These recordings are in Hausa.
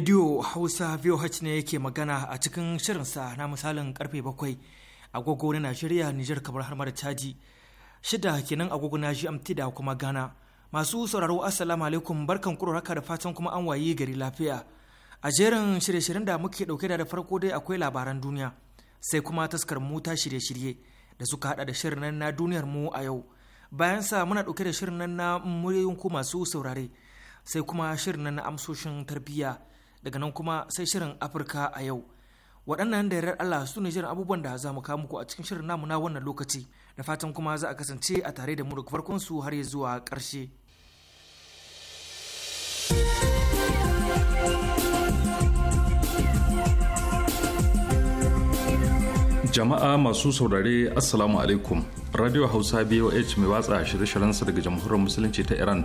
Radio Hausa VOH ne yake magana a cikin shirinsa na misalin karfe bakwai agogo na Najeriya, Nijar kamar har mara caji Shida kenan agogo na GMT da kuma Ghana. Masu sauraro Assalamu alaikum barkan kuro haka da fatan kuma an wayi gari lafiya. A jerin shirye-shiryen da muke dauke da farko dai akwai labaran duniya sai kuma taskar mu ta shirye-shirye da suka hada da shirin na duniyar mu a yau. Bayan sa muna dauke da shirin na muryoyin ku masu saurare sai kuma shirin na amsoshin tarbiyya daga nan kuma sai shirin afirka a yau waɗannan da yarar allah su ne shirin abubuwan da za mu kawo muku a cikin shirin namu na wannan lokaci da fatan kuma za a kasance a tare da mu daga farkon su har ya zuwa ƙarshe jama'a masu saurare assalamu alaikum radio hausa boh mai watsa shirye-shiryensa daga jamhuriyar musulunci ta iran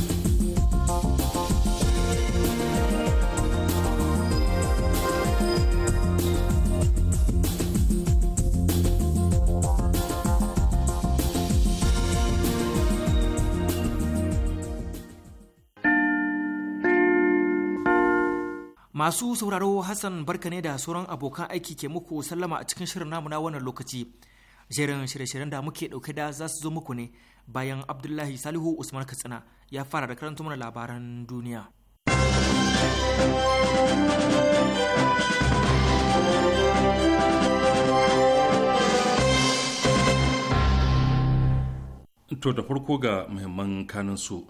Masu sauraro Hassan barka ne da sauran abokan aiki ke muku sallama a cikin shirin namu na wannan lokaci. Jerin shirye-shiryen da muke dauke da za su zo muku ne bayan Abdullahi Salihu Usman Katsina ya fara da karanta mana labaran duniya. To da farko ga muhimman kanin su.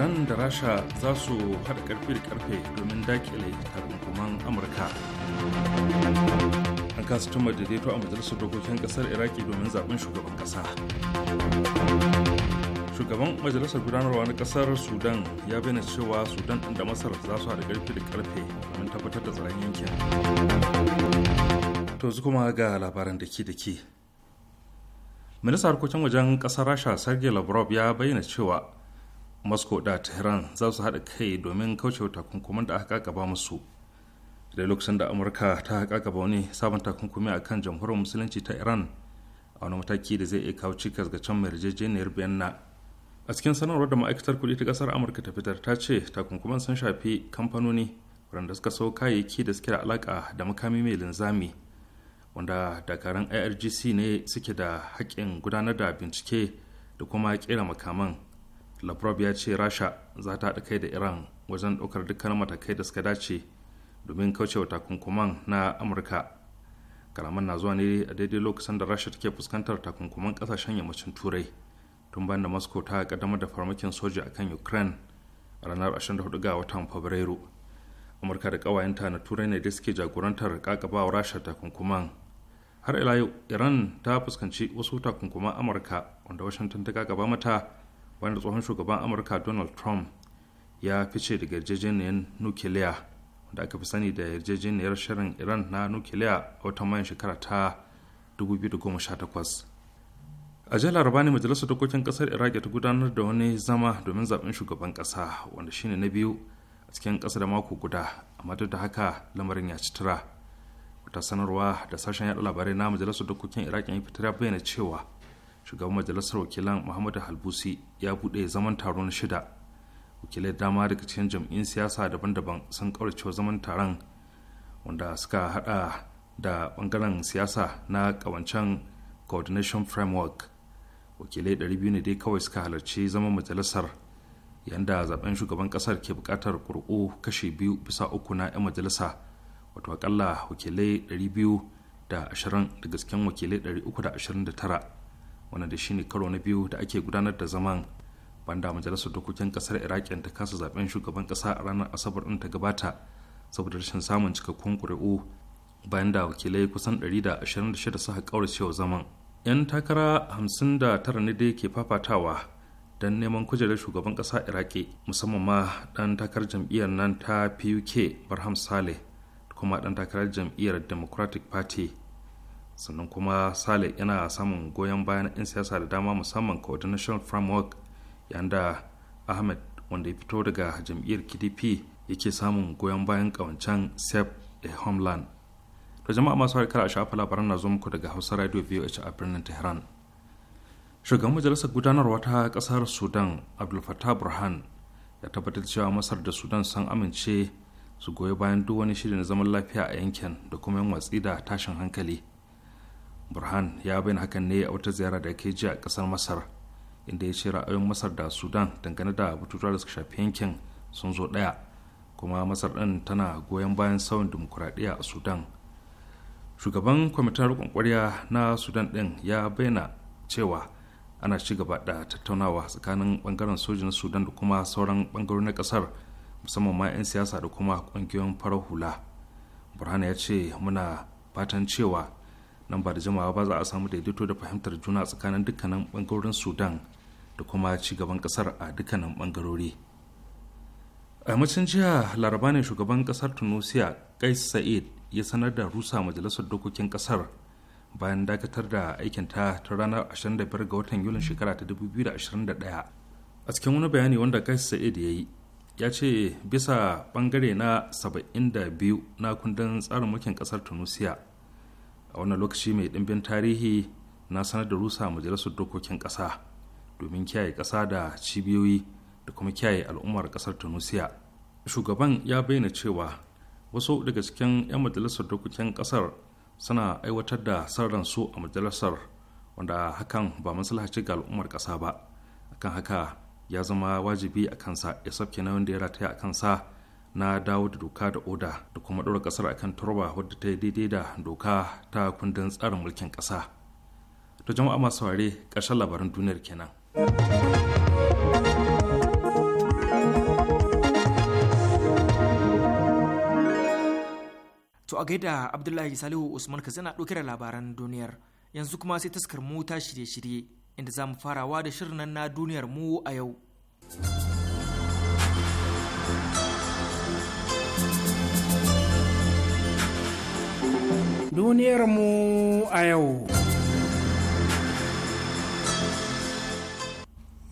iran da rasha za su haɗa ƙarfi da karfe domin dakile takunkuman amurka an kasa tun daidaito a majalisar dokokin ƙasar iraki domin zaben shugaban ƙasa shugaban majalisar gudanarwa na ƙasar sudan ya bayyana cewa sudan ɗin da masar za su haɗa ƙarfi da karfe domin tabbatar da tsaron yankin to kuma ga labaran da ke da ke ministan harkokin wajen ƙasar rasha sergei lavrov ya bayyana cewa moscow da tehran za su haɗa kai domin kaucewa takunkuman da aka gaba musu da lokacin da amurka ta kakaba wani sabon takunkumi a kan jamhuriyar musulunci ta iran a wani mataki da zai iya kawo cikas ga can mai yarjejeniyar biyanna a cikin sanarwar da ma'aikatar kuɗi ta ƙasar amurka ta fitar ta ce takunkuman sun shafi kamfanoni waɗanda suka sau kayayyaki da suke da alaƙa da makami mai linzami wanda dakarun irgc ne suke da haƙƙin gudanar da bincike da kuma ƙera makaman lavrov ya ce rasha za ta haɗa kai da iran wajen ɗaukar dukkan matakai da suka dace domin kauce wa takunkuman na amurka kalaman na zuwa ne a daidai lokacin da rasha take fuskantar takunkuman ƙasashen yammacin turai tun bayan da moscow ta kaddamar da farmakin soja akan ukraine a ranar 24 ga watan fabrairu amurka da ƙawayenta na turai ne da suke jagorantar kakabawa rasha takunkuman har ila yau iran ta fuskanci wasu takunkuman amurka wanda washington ta kakaba mata wani tsohon shugaban amurka donald trump ya fice daga yarjejeniyar nukiliya da aka fi sani da yarjejeniyar shirin iran na nukiliya a watan mayan shekara ta 2018 a jiya laraba ne majalisar dokokin kasar iraq ta gudanar da wani zama domin zaben shugaban kasa wanda shine na biyu a cikin kasa da mako guda amma duk da haka lamarin ya ci tura wata sanarwa da sashen yada labarai na majalisar dokokin iraq ya fitar bayyana cewa shugaban majalisar wakilan muhammadu halbusi ya buɗe zaman taron shida wakilai dama daga cikin jam'in siyasa daban-daban sun kauracewa zaman taron wanda suka hada da bangaren siyasa na kawancen coordination framework wakilai 200 ne dai kawai suka halarci zaman majalisar yadda zaben shugaban kasar ke bukatar kurku kashe biyu bisa uku na 'yan majalisa wato akalla wakilai biyu da gasken wakilai tara. wanda da shine karo na biyu da ake gudanar da zaman banda majalisar dokokin kasar iraki ta kasa zaben shugaban kasa a ranar asabar din ta gabata saboda rashin samun cikakkun ƙuri'u bayan da wakilai kusan 126 suka cewa zaman yan takara 59 ne dai ke fafatawa don neman kujerar shugaban kasa iraki musamman ma dan takarar jam'iyyar nan ta puk barham saleh kuma dan takarar jam'iyyar democratic party sannan kuma sale yana samun goyon bayan 'yan siyasa da dama musamman coordination framework yanda ahmed wanda ya fito daga jam'iyyar kdp yake samun goyon bayan kawancan sef a homeland da jama'a masu harkar a shafa labaran na zo muku daga hausa radio voh a birnin tehran shugaban majalisar gudanarwa ta kasar sudan abdul abdulfatah burhan ya tabbatar cewa masar da sudan sun amince su goyi bayan duk wani shirin zaman lafiya a yankin da kuma yin watsi da tashin hankali burhan ya bayyana hakan ne a wata ziyara da ke ji a kasar masar inda ya ce ra'ayoyin masar da sudan dangane da batutuwa da suka shafi yankin sun zo ɗaya kuma masar ɗin tana goyon bayan sauyin dimokuraɗiyya a sudan shugaban kwamitin riƙon kwarya na sudan ɗin ya bayyana cewa ana ci gaba da tattaunawa tsakanin bangaren sojin na sudan da kuma sauran ɓangarori na kasar musamman ma 'yan siyasa da kuma ƙungiyoyin farar hula burhan ya ce muna fatan cewa nan ba da jimawa ba za a samu daidaito da fahimtar juna tsakanin dukkanin bangarorin sudan da kuma ci gaban kasar a dukkanin bangarori a yammacin jiya laraba ne shugaban kasar tunisia kais sa'id ya sanar da rusa majalisar dokokin kasar bayan dakatar da aikinta ta ranar 25 ga watan yulin shekara ta 2021 a cikin wani bayani wanda kais sa'id ya yi ya ce bisa bangare na 72 na kundin tsarin mulkin kasar tunisia a wannan lokaci mai dimbin tarihi na sanar da rusa majalisar dokokin ƙasa domin kiyaye ƙasa da cibiyoyi da kuma kiyaye al'ummar ƙasar tunisia shugaban ya bayyana cewa wasu daga cikin 'yan majalisar dokokin ƙasar suna aiwatar da sarran su a majalisar wanda hakan ba maslahaci ga al'ummar ƙasa ba akan haka ya zama wajibi a kansa ya sabke na wanda ya rataya a kansa na dawo da doka da oda da kuma ɗora ƙasar akan turba wadda ta yi daidai da doka ta kundin tsarin mulkin ƙasa to jama'a masu ware ƙarshen labaran duniyar kenan to a gaida abdullahi salihu usman ka zana ɗauke da labaran duniyar yanzu kuma sai taskar mu ta shirye-shirye inda za mu farawa da shirin na duniyar mu a yau duniyarmu a yau.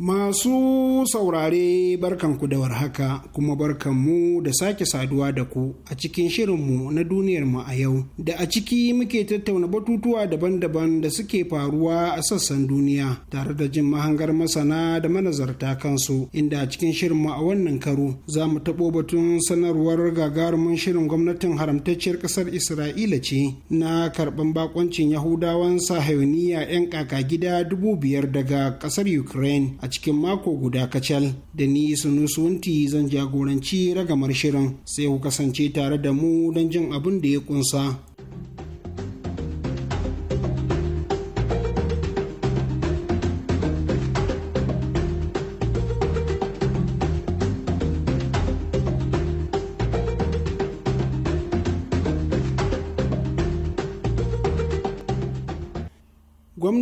Masu saurare barkanku da warhaka kuma barkanmu da sake saduwa da ku a cikin shirinmu na duniyarmu a yau da a ciki muke tattauna batutuwa daban-daban da suke faruwa a sassan duniya tare da jin mahangar masana da manazarta kansu inda a cikin shirin mu a wannan karo za mu taɓo batun sanarwar gagarumin shirin gwamnatin haramtacciyar ƙasar Isra'ila ce na karɓan bakoncin Yahudawan sahayoniya 'yan kaka gida dubu biyar daga ƙasar Ukraine a cikin mako guda kacal da ni sunusunti zan jagoranci ragamar shirin sai ku kasance tare da mu don jin abin da ya kunsa.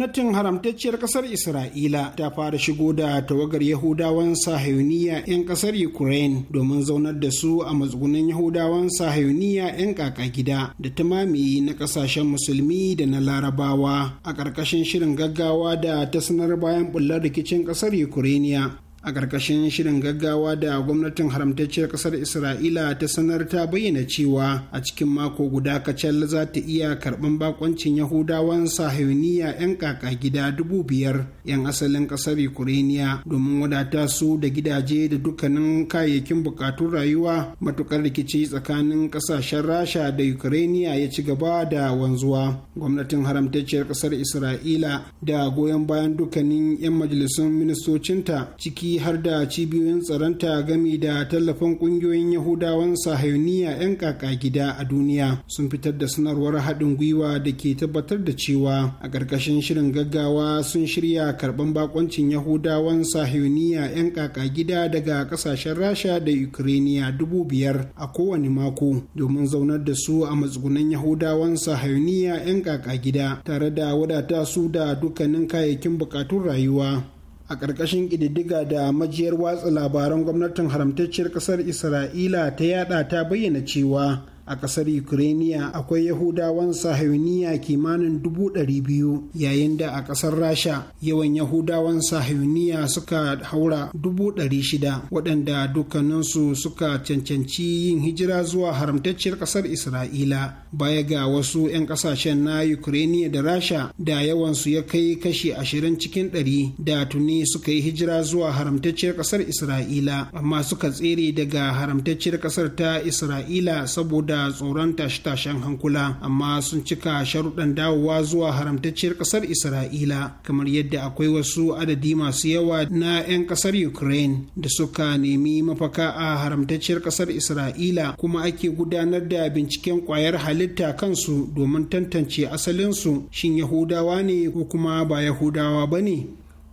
gwamnatin haramtacciyar kasar isra'ila ta fara shigo da tawagar yahudawan sahayuniya 'yan kasar ukraine domin zaunar da su a matsugunan yahudawan sahayuniya 'yan kaka gida da ta mamaye na kasashen musulmi da na larabawa a ƙarƙashin shirin gaggawa da ta sanar bayan bullar rikicin ƙasar ukraine a ƙarƙashin shirin gaggawa da gwamnatin haramtacciyar ƙasar isra'ila ta sanar ta bayyana cewa a cikin mako guda kacal za ta iya karɓan bakoncin yahudawan sahiyoniya 'yan kaka gida dubu biyar 'yan asalin ƙasar ukraniya domin wadata su da gidaje da dukkanin kayayyakin buƙatun rayuwa matuƙar rikici tsakanin ƙasashen rasha da ukrainiya ya ci gaba da wanzuwa gwamnatin haramtacciyar ƙasar isra'ila da goyon bayan dukkanin 'yan majalisun ministocinta ciki har da cibiyoyin tsaronta gami da tallafin kungiyoyin yahudawan sahayoniya 'yan kaka gida a duniya sun fitar da sanarwar haɗin gwiwa da ke tabbatar da cewa a ƙarƙashin shirin gaggawa sun shirya karɓan bakoncin yahudawan sahayoniya 'yan kaka gida daga ƙasashen rasha da ukrainiya dubu biyar a kowane mako domin zaunar da su a matsugunan yahudawan sahayoniya 'yan kaka gida tare da wadata su da dukkanin kayayyakin buƙatun rayuwa a ƙarƙashin ƙididdiga da majiyar watsa labaran gwamnatin haramtacciyar ƙasar isra'ila ta yada ta bayyana cewa a ƙasar ukraine akwai yahudawan sahayuniya kimanin dubu ɗari biyu yayin da a ƙasar rasha yawan yahudawan sahayuniya suka haura dubu ɗari shida waɗanda dukkaninsu suka cancanci yin hijira zuwa haramtacciyar ƙasar isra'ila baya ga wasu 'yan ƙasashen na ukraine da rasha da yawansu ya kai kashi ashirin cikin ɗari da tuni suka yi hijira zuwa haramtacciyar ƙasar isra'ila amma suka tsere daga haramtacciyar ƙasar ta isra'ila saboda da tsoron tashe-tashen hankula amma sun cika sharuɗan dawowa zuwa haramtacciyar ƙasar isra'ila kamar yadda akwai wasu adadi masu yawa na 'yan ƙasar ukraine da suka nemi mafaka a haramtacciyar ƙasar isra'ila kuma ake gudanar da binciken ƙwayar halitta kansu domin tantance asalinsu shin yahudawa ne ko kuma ba yahudawa ba ne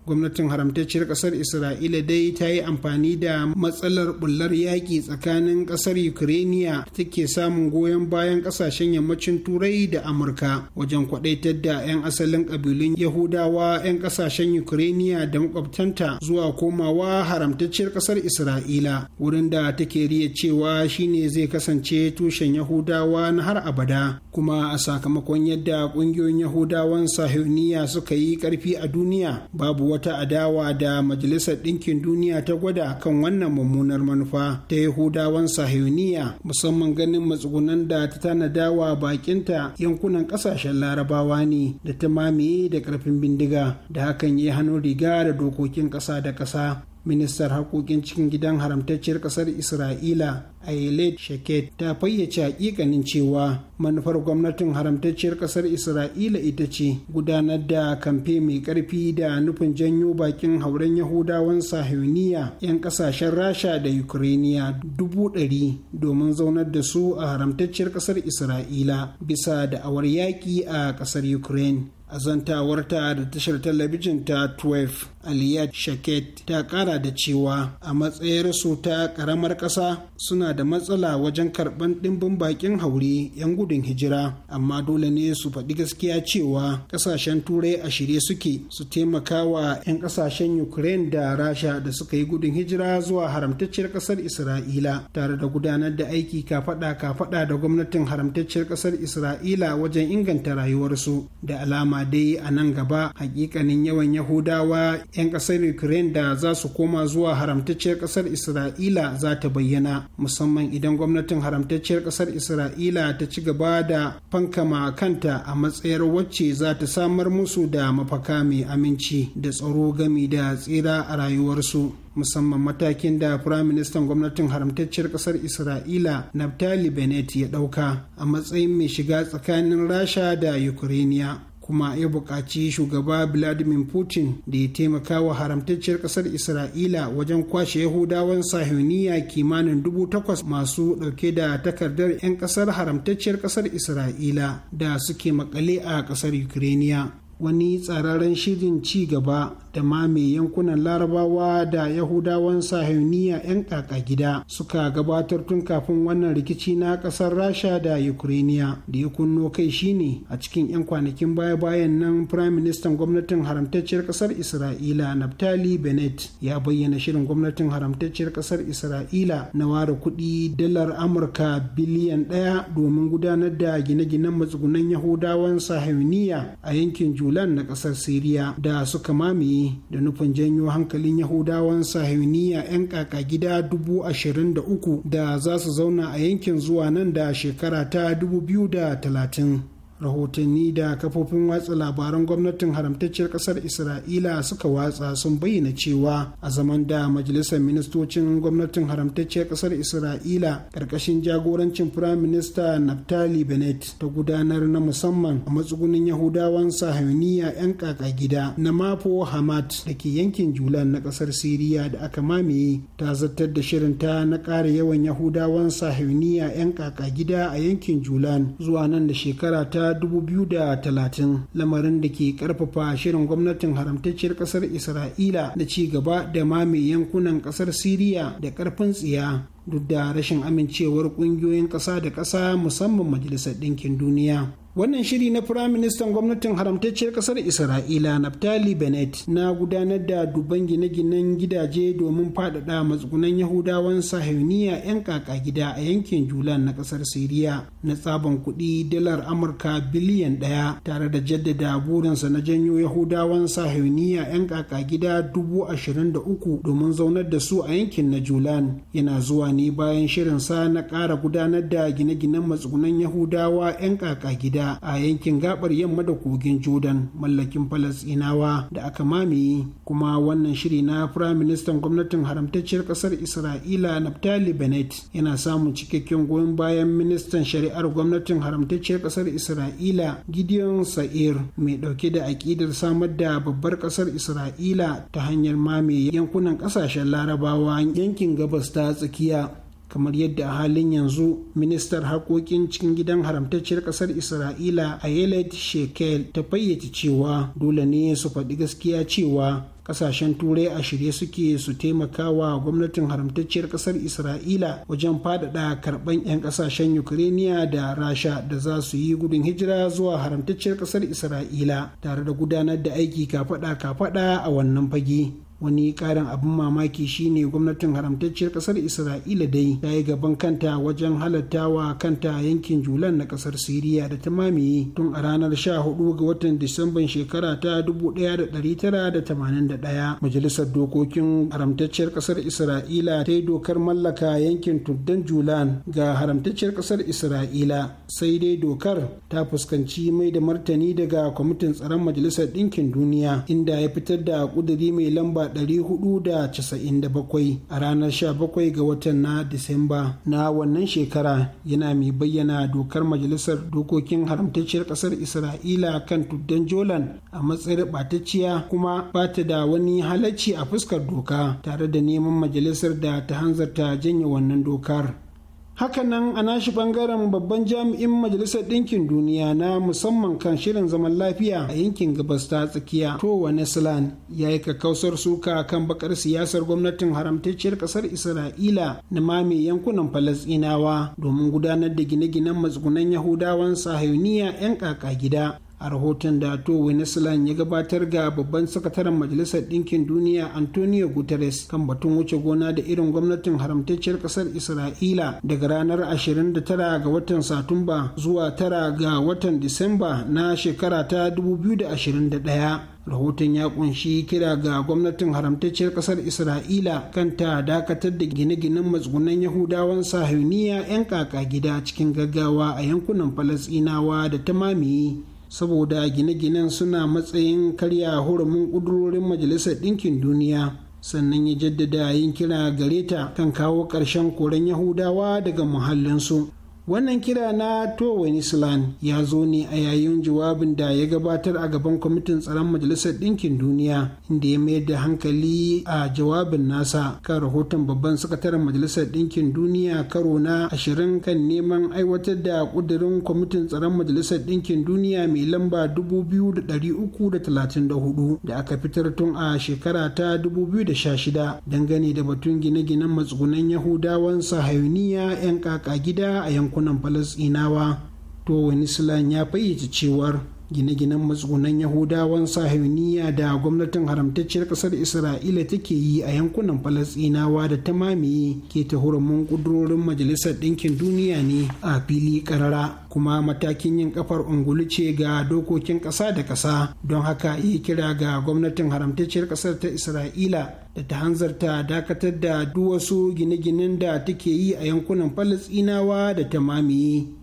gwamnatin haramtacciyar kasar isra'ila dai ta yi amfani da matsalar bullar yaƙi tsakanin kasar ukraniya da ke samun goyon bayan kasashen yammacin turai da amurka wajen kwadaitar da 'yan asalin ƙabilun yahudawa 'yan kasashen ukraniya da makwabtanta zuwa komawa haramtacciyar kasar isra'ila wurin da ta ke riya cewa shine zai kasance tushen yahudawa na har abada kuma a sakamakon yadda ƙungiyoyin yahudawan sahiyoniya suka yi ƙarfi a duniya babu wata adawa da majalisar ɗinkin duniya ta gwada kan wannan mummunar manufa ta yahudawan sahiyoniya musamman ganin matsugunan da ta tanadawa bakinta yankunan ƙasashen larabawa ne da ta mamaye da ƙarfin bindiga da hakan ya hannun riga da dokokin ƙasa da ƙasa ministar harkokin cikin gidan haramtacciyar Ƙasar isra'ila a sheket ta fayyace hakikanin cewa manufar gwamnatin haramtacciyar kasar isra'ila ita ce gudanar da kamfe mai karfi da nufin janyo bakin hauren yahudawan sahiyoniya 'yan kasashen rasha da ukrainiya dubu ɗari domin zaunar da su a haramtacciyar kasar isra'ila bisa da awar yaƙi a kasar ukraine a zantawarta da tashar talabijin ta 12 aliyat shaket ta kara da cewa a matsayar su ta karamar ƙasa suna da matsala wajen karɓan dimbin bakin haure 'yan gudu gudun hijira amma dole ne su faɗi gaskiya cewa ƙasashen turai a shirye suke su taimaka wa 'yan ƙasashen ukraine da rasha da suka yi gudun hijira zuwa haramtacciyar ƙasar isra'ila tare da gudanar da aiki kafaɗa kafaɗa da gwamnatin haramtacciyar ƙasar isra'ila wajen inganta rayuwarsu da alama dai a nan gaba hakikanin yawan yahudawa 'yan ƙasar ukraine da za su koma zuwa haramtacciyar ƙasar isra'ila za ta bayyana musamman idan gwamnatin haramtacciyar ƙasar isra'ila ta ci gaba gaba da fankama kanta a matsayar wacce za ta samar musu da mafaka mai aminci da tsaro gami da tsira a rayuwarsu musamman matakin da firaministan gwamnatin haramtacciyar kasar isra'ila naftali benet ya ɗauka a matsayin mai shiga tsakanin rasha da ukraniya kuma ya buƙaci shugaba vladimir putin da ya taimaka wa haramtacciyar ƙasar isra'ila wajen kwashe yahudawan sahiniya kimanin dubu takwas masu ɗauke da takardar 'yan ƙasar haramtacciyar ƙasar isra'ila da suke makale a ƙasar ukraine. wani tsararren shirin ci gaba da mai yankunan larabawa da yahudawan sahiyoniya 'yan kaka gida suka gabatar tun kafin wannan rikici na kasar rasha da ukrainiya da ya kunno kai shine a cikin 'yan kwanakin baya bayan nan prime ministan gwamnatin haramtacciyar kasar isra'ila naftali bennett ya bayyana shirin gwamnatin haramtacciyar kasar isra'ila na ware kuɗi dalar amurka biliyan ɗaya domin gudanar da gine-ginen matsugunan yahudawan sahiyoniya a yankin Julan na ƙasar Siriya da suka mamaye da nufin janyo hankalin Yahudawan sahiniya 'yan kaka gida dubu ashirin da uku da za su zauna a yankin zuwa nan da shekara ta dubu biyu da talatin. rahotanni da kafofin watsa labaran gwamnatin haramtacciyar kasar isra'ila suka watsa sun bayyana cewa a zaman da majalisar ministocin gwamnatin haramtacciyar kasar isra'ila ƙarƙashin jagorancin firayim minista naftali bennett ta gudanar na musamman a matsugunin yahudawan sahayuniya 'yan kaka gida na mafo hamad da ke yankin julan na kasar siriya da aka mamaye ta zartar da shirinta na ƙara yawan yahudawan sahayuniya 'yan kaka gida a yankin julan zuwa nan da shekara ta 2030 lamarin da ke karfafa shirin gwamnatin haramtacciyar kasar isra'ila da ci gaba da mame yankunan kasar siriya da karfin tsiya duk da rashin amincewar kungiyoyin ƙasa da ƙasa musamman majalisar ɗinkin duniya wannan shiri na firaministan gwamnatin haramtacciyar kasar isra'ila naftali bennett na gudanar da duban gine-ginen gidaje domin faɗaɗa matsugunan yahudawan sahiyoniya 'yan kaka gida a yankin julan na kasar siriya na tsaban kuɗi dalar amurka biliyan ɗaya tare da jaddada burinsa na janyo yahudawan sahiyoniya 'yan kaka gida dubu ashirin da uku domin zaunar da su a yankin na julan yana zuwa ne bayan shirinsa na ƙara gudanar da gine-ginen matsugunan yahudawa 'yan kaka gida siriya a yankin gabar yamma da kogin jordan mallakin falasinawa da aka mamaye kuma wannan shiri na firayim ministan gwamnatin haramtacciyar kasar isra'ila naftali bennett yana samun cikakken goyon bayan ministan shari'ar gwamnatin haramtacciyar kasar isra'ila gideon sa'ir mai dauke da aƙidar samar da babbar kasar isra'ila ta hanyar mamaye yankunan kasashen larabawa yankin gabas ta tsakiya kamar yadda a halin yanzu ministar harkokin cikin gidan haramtacciyar kasar isra'ila ayelet shekel ta fayyace cewa dole ne su faɗi gaskiya cewa kasashen turai a shirye suke su taimaka wa gwamnatin haramtacciyar kasar isra'ila wajen faɗaɗa karɓan 'yan kasashen ukraniya da rasha da za su yi gudun hijira zuwa haramtacciyar kasar isra'ila tare da gudanar da aiki kafaɗa kafaɗa a wannan fage wani karin abin mamaki shine gwamnatin haramtacciyar kasar isra'ila dai ta yi gaban kanta wajen halattawa kanta yankin julan na kasar siriya da ta mamaye tun a ranar 14 ga watan disamban shekara ta 1981 majalisar dokokin haramtacciyar kasar isra'ila ta yi dokar mallaka yankin tuddan julan ga haramtacciyar kasar isra'ila sai dai dokar ta fuskanci mai da martani daga kwamitin tsaron majalisar ɗinkin duniya inda ya fitar da ƙuduri mai lamba 497 a ranar 17 ga watan na Disamba na wannan shekara yana mai bayyana dokar majalisar dokokin haramtacciyar ƙasar Isra'ila kan tuddan Jolan a matsayin ɓatacciya kuma ba ta da wani halacci a fuskar doka tare da neman majalisar da ta hanzarta janye wannan dokar. hakanan a nashi bangaren babban jami'in majalisar ɗinkin duniya na musamman kan shirin zaman lafiya a yankin gabas ta tsakiya wani neslan ya yi kakkausar suka kan bakar siyasar gwamnatin haramtacciyar ƙasar isra'ila na mame yankunan falasɗinawa domin gudanar da gine-ginen matsugunan yahudawan sahayuniya 'yan kaka gida a rahoton da to Venezuelan ya gabatar ga babban sakataren majalisar ɗinkin duniya Antonio Guterres kan batun wuce gona da irin gwamnatin haramtacciyar ƙasar Isra'ila daga ranar 29 ga watan Satumba zuwa 9 ga watan Disamba na shekara ta 2021. rahoton ya kunshi kira ga gwamnatin haramtacciyar kasar isra'ila kan ta dakatar da gine-ginen matsugunan yahudawan sahiniya 'yan kaka gida cikin gaggawa a yankunan falasinawa da ta mamiye saboda gine-ginen suna matsayin karya hurumin ƙudurorin majalisar ɗinkin duniya sannan ya jaddada yin kira Gareta kan kawo ƙarshen koren yahudawa daga muhallinsu wannan kira na towenisland ya zo ne a yayin jawabin da ya gabatar a gaban kwamitin tsaron majalisar ɗinkin duniya inda ya mayar da hankali a jawabin nasa kan rahoton babban sakataren majalisar ɗinkin duniya karo na ashirin kan neman aiwatar da ƙudurin kwamitin tsaron majalisar ɗinkin duniya mai lamba 2334 da aka fitar tun a shekara ta 2016 dangane da batun gine-ginen matsugunan yahudawan sahayuniya 'yan kaka gida a yankunan yankunan falasinawa to winislan ya fayyace cewar gine-ginen matsugunan yahudawan sahiniya da gwamnatin haramtacciyar ƙasar isra'ila take yi a yankunan falasinawa da ta mamaye ke ta hurumin ƙudurorin majalisar ɗinkin duniya ne a fili karara kuma matakin yin kafar ungulu ce ga dokokin ƙasa da ƙasa don haka yi kira ga gwamnatin haramtacciyar ƙasar ta isra'ila da ta hanzarta dakatar da duk wasu gine-ginen da take yi a yankunan falasinawa da ta mamaye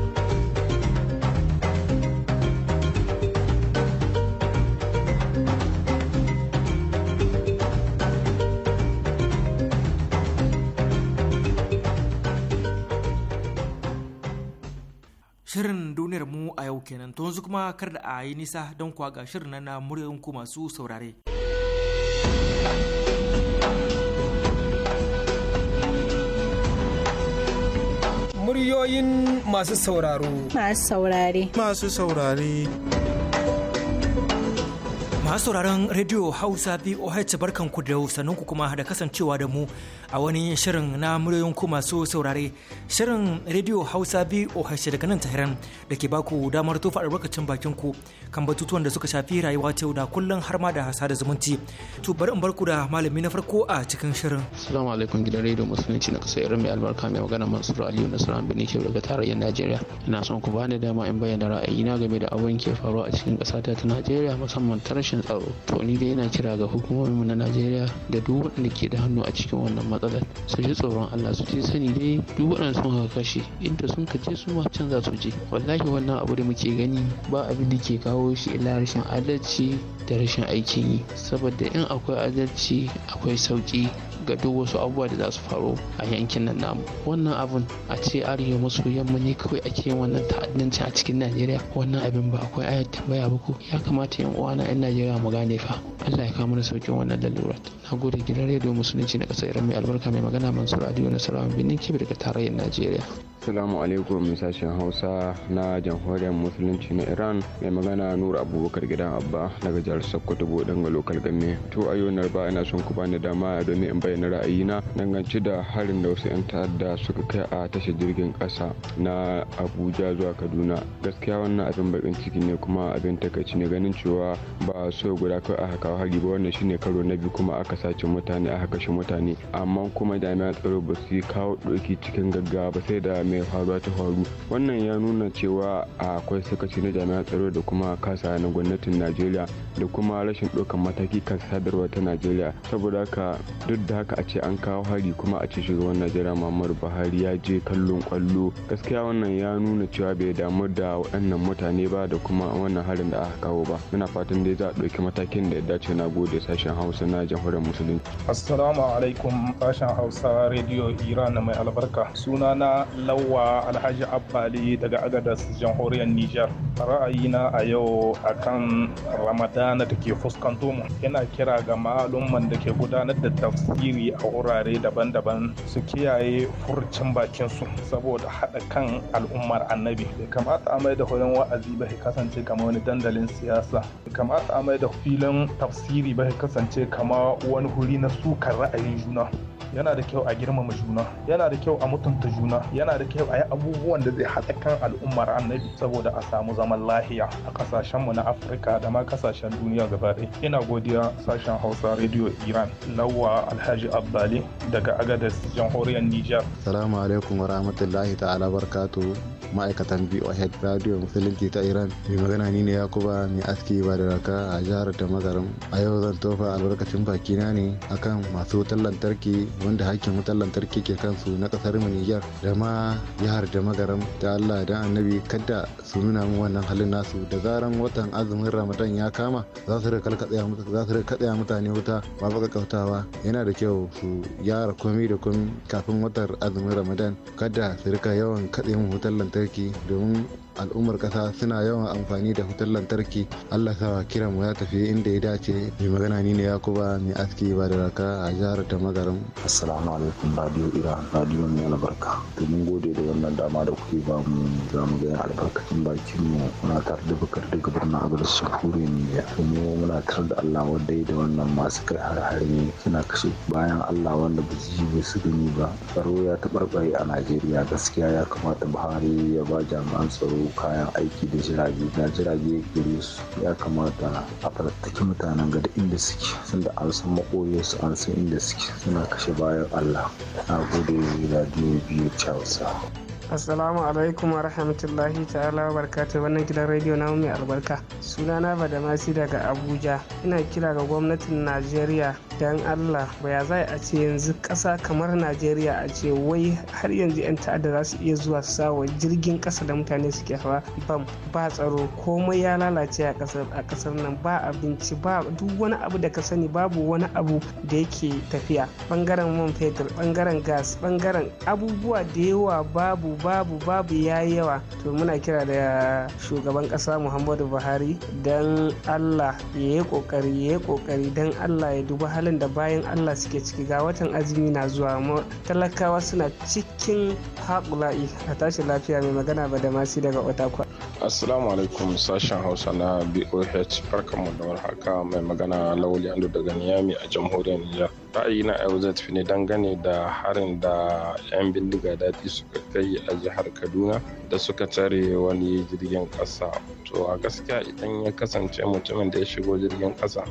yau kenan to yanzu kuma kar da a yi nisa don kwa ga shirin na muryoyin ku masu saurare. Muryoyin masu sauraro. Masu saurare. Masu saurare. Masu sauraron Radio Hausa VOH barkanku da ku kuma da kasancewa da mu a wani shirin na muryoyin ku masu saurare. Shirin rediyo Hausa VOH daga nan Tahiran da ke baku damar tofa albarkacin bakin ku kan batutuwan da suka shafi rayuwa ta yau da kullum har ma da hasa da zumunci. To bari in barku da malami na farko a cikin shirin. Assalamu alaikum gidan rediyo Musulunci na kasa irin mai albarka mai magana Mansur Aliyu Nasran Bini ke daga tarayyar Najeriya. Ina son ku bani dama in bayyana ra'ayi na game da abin ke faruwa a cikin ƙasata ta Najeriya musamman ta matsalolin tsaro to ni dai ina kira ga hukumomin mu na najeriya da duk waɗanda ke da hannu a cikin wannan matsalar su ji tsoron allah su ce sani dai duk waɗanda sun haka kashe inda sun kace su ma can za su je wallahi wannan abu da muke gani ba abin da ke kawo shi illa rashin adalci da rashin aikin yi saboda in akwai adalci akwai sauki ga duk wasu abubuwa da za su faru a yankin nan namu wannan abun a ce arewa maso yamma ne kawai ake yin wannan ta'addanci a cikin najeriya wannan abin ba akwai ayat tambaya ba ko ya kamata yan uwana yan najeriya mu gane fa Allah ya kawo mana saukin wannan lalura na gode gidan rediyo musulunci na ƙasar iran mai albarka mai magana mansur adiyo na sarawa birnin kebe daga tarayyar najeriya Assalamu alaikum sashen Hausa na jamhuriyar Musulunci na Iran mai magana Nur Abubakar gidan Abba daga jihar Sokoto Bodin ga lokal game. To a yau ba ina son ku bani dama domin in bayyana ra'ayina dangance da harin da wasu 'yan ta'adda suka kai a tashar jirgin ƙasa na Abuja zuwa Kaduna. Gaskiya wannan abin bakin ciki ne kuma abin takaici ne ganin cewa ba so guda kai a haka. kawo hari ba wannan shine karo na biyu kuma aka sace mutane aka kashe mutane amma kuma jami'an tsaro ba su kawo ɗauki cikin gaggawa ba sai da mai faruwa ta faru wannan ya nuna cewa akwai sakaci na jami'an tsaro da kuma kasa na gwamnatin najeriya da kuma rashin ɗaukan mataki kan sadarwa ta najeriya saboda haka duk da haka a ce an kawo hari kuma a ce shugaban najeriya muhammadu buhari ya je kallon kwallo gaskiya wannan ya nuna cewa bai damu da waɗannan mutane ba da kuma wannan harin da aka kawo ba muna fatan dai za a ɗauki matakin da ya ce na gode sashen hausa na jamhuriyar musulunci assalamu alaikum sashen hausa rediyo iran mai albarka suna na lawa alhaji abbali daga agadas jamhuriyar niger ra'ayina a yau akan ramadana da ke fuskanto mu yana kira ga malumman da ke gudanar da tafsiri a wurare daban-daban su kiyaye furcin bakinsu saboda haɗa kan al'ummar annabi bai kamata a mai da wurin wa'azi ba kasance kamar wani dandalin siyasa bai kamata a mai da filin tafsiri ba ya kasance kama wani huri na sukar ra'ayin juna yana da kyau a girmama juna yana da kyau a mutunta juna yana da kyau a yi abubuwan da zai haɗa kan al'ummar annabi saboda a samu zaman lahiya a ƙasashenmu na afirka da ma ƙasashen duniya gaba ɗaya ina godiya sashen hausa radio iran lawa alhaji abdali daga agadas jamhuriyar niger salamu alaikum wa rahmatullahi ta'ala barkatu ma'aikatan voh radio musulunci ta iran mai magana ni ne yakuba mai aski ba da raka a jihar da magaram a yau zan tofa albarkacin bakina ne akan masu wutar lantarki wanda hakkin wutar lantarki ke kansu na kasar mu niger da ma jihar da magaram da allah da annabi kada su nuna min wannan halin nasu da zaran watan azumin ramadan ya kama za su rika tsaya mutane wuta ba baka kautawa yana da kyau su gyara komi da komi kafin watan azumin ramadan kada su rika yawan katse min wutar lantarki até aqui. Deu um al'ummar kasa suna yawan amfani da wutar lantarki allah sa kira mu ya tafi inda ya dace mai magana ni ne yakuba mai aski ba da raka a jihar ta magaram assalamu alaikum radio iran radio mai albarka to mun gode da wannan dama da kuke ba mu za mu ga albarkacin bakin mu muna tare da bakar daga birnin agar sukure ne kuma muna tare da allah wanda da wannan masu kai har ne suna kashe bayan allah wanda ba su ji ba su gani ba tsaro ya taɓarɓare a najeriya gaskiya ya kamata buhari ya ba jami'an tsaro kawo kayan aiki da jirage da jirage gare su ya kamata a fatattaki mutanen ga inda suke sun da an san makoye su an san inda suke suna kashe bayan allah na gode da biyu charles assalamu alaikum wa rahmatullahi ta'ala wa barkatu wannan gidan rediyo na mai albarka sunana badamasi daga abuja ina kira ga gwamnatin najeriya dan allah ba ya za a ce yanzu ƙasa kamar najeriya a ce wai har yanzu 'yan ta'adda za su iya zuwa sawa jirgin ƙasa da mutane suke hawa bam ba tsaro komai ya lalace a ƙasar nan ba abinci ba duk wani abu da ka sani babu wani abu da yake tafiya bangaren man fetur bangaren gas bangaren abubuwa da yawa babu babu babu ya yi yawa to muna kira da shugaban ƙasa muhammadu buhari don allah ya yi ƙoƙari ya yi ƙoƙari don allah ya dubi halin da bayan allah suke ciki ga watan azumi na zuwa talakawa suna cikin haƙula'i a tashi lafiya mai magana ba da masu daga otakwa Assalamu alaikum sashen Hausa na BOH barkanmu da warhaka mai magana lauli Ando daga Niyami a jamhuriyar Nijar. Ra'ayina yau zai tafi ne dangane da harin da 'yan bindiga daɗi suka kai a jihar Kaduna da suka tare wani jirgin ƙasa to a gaskiya idan ya kasance mutumin da ya shigo jirgin kasa,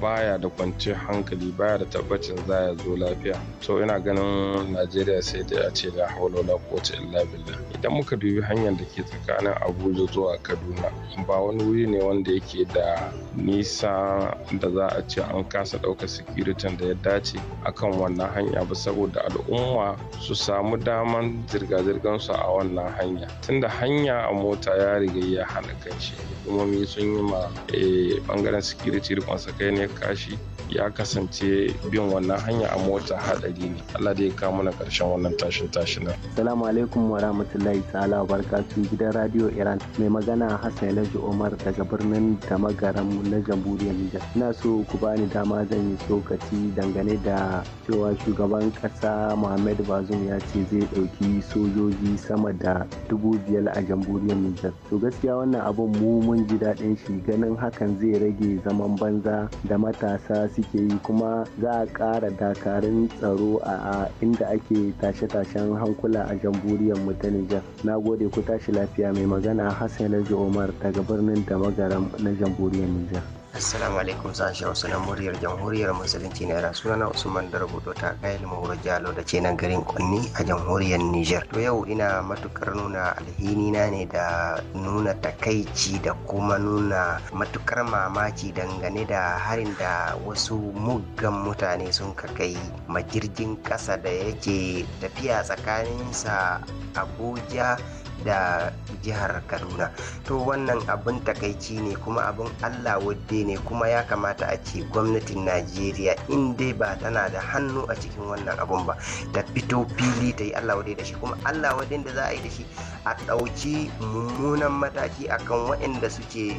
baya da kwanciyar hankali baya da tabbacin za ya zo lafiya to ina ganin najeriya sai da ya ce da haulola ko ta illa billah idan muka dubi hanyar da ke tsakanin abuja zuwa kaduna ba wani wuri ne wanda yake da nisa da za a ce an kasa ɗaukar sikiritin da ya dace akan wannan hanya ba saboda al'umma su samu daman zirga-zirgansu a wannan hanya tunda hanya a mota ya riga ya hana kanshi hukumomi sun yi ma eh, bangaren security rikon ne kashi ya kasance bin wannan hanya a mota hadari ne Allah dai ya kawo mana karshen wannan tashin tashin nan assalamu alaikum wa rahmatullahi ta'ala wa barakatuh gidan radio Iran mai magana Hassan Laji Omar daga birnin Tamagaram na Jamhuriyar Nijar ina so ku bani dama zan yi tsokaci dangane da cewa shugaban ƙasa Muhammad Bazoum ya ce zai ɗauki sojoji sama da dubu dubu a jamhuriyar Nijar. To gaskiya wannan abun mu mun ji daɗin shi ganin hakan zai rage zaman banza da matasa suke yi kuma za a ƙara dakarun tsaro a inda ake tashe-tashen hankula a jamhuriyar mu ta Nijar. Na gode ku tashi lafiya mai magana Hassan Laji Omar daga birnin Damagaram na jamhuriyar Nijar. Assalamu alaikum sashen wasu na muryar jamhuriyar musulunci na Iran sunana Usman da ta kayan Mahura Jalo da ce nan garin kunni a jamhuriyar Nijar. To yau ina matukar nuna alhini na ne da nuna takaici da kuma nuna matukar mamaki dangane da harin da wasu muggan mutane sun kai majirgin kasa da yake tafiya tsakaninsa Abuja da jihar kaduna to wannan abin takaici ne kuma abin allah wadde ne kuma ya kamata a ce gwamnatin najeriya in dai ba tana da hannu a cikin wannan abun ba ta fito fili ta yi allah wadde da shi kuma allah wadde da za a yi da shi a ɗauki mummunan mataki akan waɗanda suke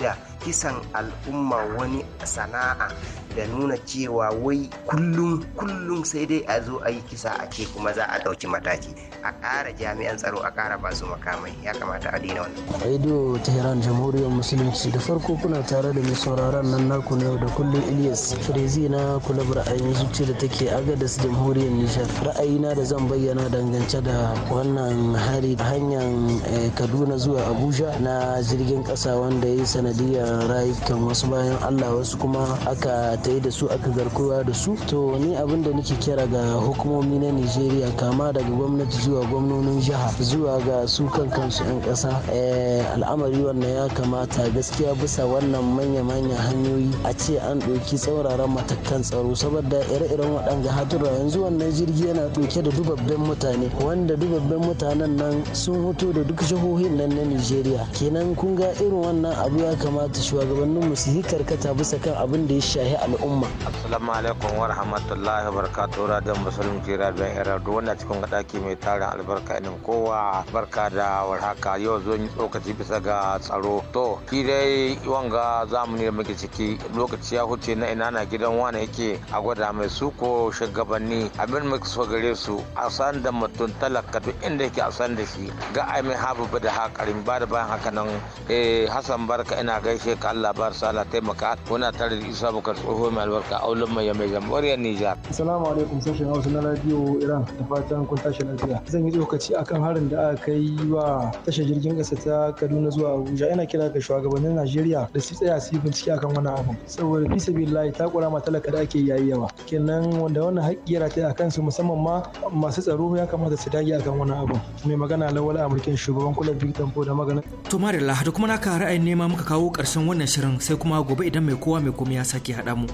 da. kisan al'umma wani sana'a da nuna cewa wai kullum kullum sai dai a zo a yi kisa a ce kuma za a ɗauki mataki a ƙara jami'an tsaro a ƙara ba su makamai ya kamata a daina wannan. radio tehran jamhuriyar musulunci da farko kuna tare da mai sauraron nan naku na yau da kullum ilyas firizi na kulabar ra'ayin zuci da take agadas jamhuriyar nijar ra'ayina da zan bayyana dangance da wannan hari hanyar eh, kaduna zuwa abuja na jirgin ƙasa wanda ya yi sanadiyar rayukan wasu bayan allah wasu kuma aka ta da su aka garkuwa da su to ni abin da nake kira ga hukumomi na nigeria kama daga gwamnati zuwa gwamnonin jiha zuwa ga su kan kansu 'yan ƙasa eh, al'amari wannan ya kamata gaskiya bisa wannan manya-manya hanyoyi a ce an ɗauki tsauraran matakan tsaro saboda ire-iren waɗanda hatura yanzu wannan jirgi yana ɗauke da dubabben mutane wanda dubabben mutanen nan sun hoto da duk jihohin nan na nigeria kenan kun ga irin wannan abu ya kamata shugabannin mu su yi karkata bisa kan abin da ya shahi al'umma. Assalamu alaikum wa rahmatullahi wa barakatuhu radiyon musulun ke don irar duk wanda cikin ga mai tarin albarka inin kowa barka da warhaka yau zo yi tsokaci bisa ga tsaro. To, ki dai wanga zamani da muke ciki lokaci ya huce na ina na gidan wani yake a gwada mai ko shugabanni abin muka so gare su a san da mutum talaka duk inda yake a san da shi ga ai mai habu da hakarin ba da bayan haka nan eh Hassan Barka ina gaishe roke ka Allah bar sala taimaka kuna tare da Isa Bukar tsoho mai albarka wulin mai mai jamhuriyar Nijar. Assalamu alaikum sashen Hausa na radio Iran da fatan kun tashi lafiya. Zan yi tsokaci akan harin da aka yi wa tashar jirgin ƙasa ta Kaduna zuwa Abuja ina kira ga shugabannin Najeriya da su tsaya su yi bincike akan wannan abu. Saboda fi ta takura ma talaka da ake yayi yawa. Kenan wanda wannan haƙƙi ya rataya akan su musamman ma masu tsaro ya kamata su dage akan wannan abu. Mai magana lawal amurkin shugaban kula Big Tampo da magana. To da kuma naka ra'ayin nema muka kawo ƙarshen karshen wannan shirin sai kuma gobe idan mai kowa mai komai ya sake haɗa mu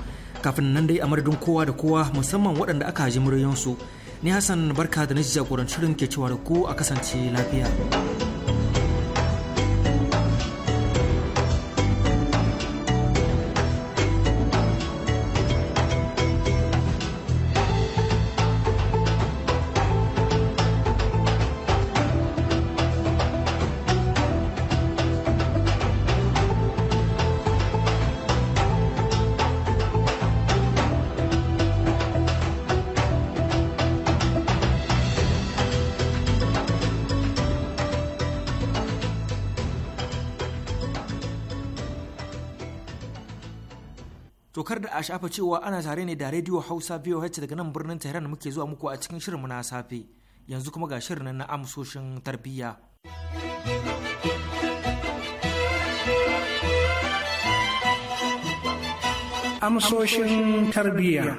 kafin nan dai a madadin kowa da kowa musamman waɗanda aka ji muryoyinsu ni hassan barka da na jagorancin shirin ke cewa da ku a kasance lafiya. a shafa cewa ana tare ne da rediyo hausa voh daga nan birnin tehran muke zuwa muku a cikin shirinmu na safe yanzu kuma ga shirin na amsoshin tarbiyya amsoshin tarbiyya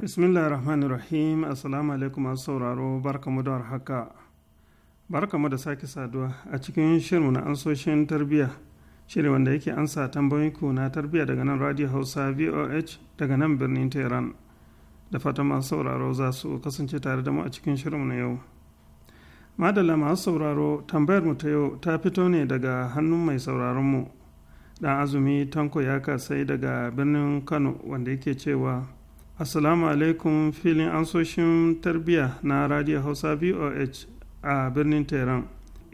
bismillah rahman rahim assalamu alaikum masu sauraro barkamu da haka barkamu da sake saduwa a cikin shirinmu na amsoshin tarbiyya shirin wanda yake ansa tambayoyin ku na tarbiyya daga nan radio hausa voh daga nan birnin tehran da fatan masu sauraro za su kasance tare da mu a cikin shirinmu na yau madalla masu sauraro tambayar mu ta yau ta fito ne daga hannun mai sauraron mu dan azumi tanko ya kasai daga birnin kano wanda yake cewa assalamu alaikum filin ansoshin tarbiyya na radio hausa voh a birnin tehran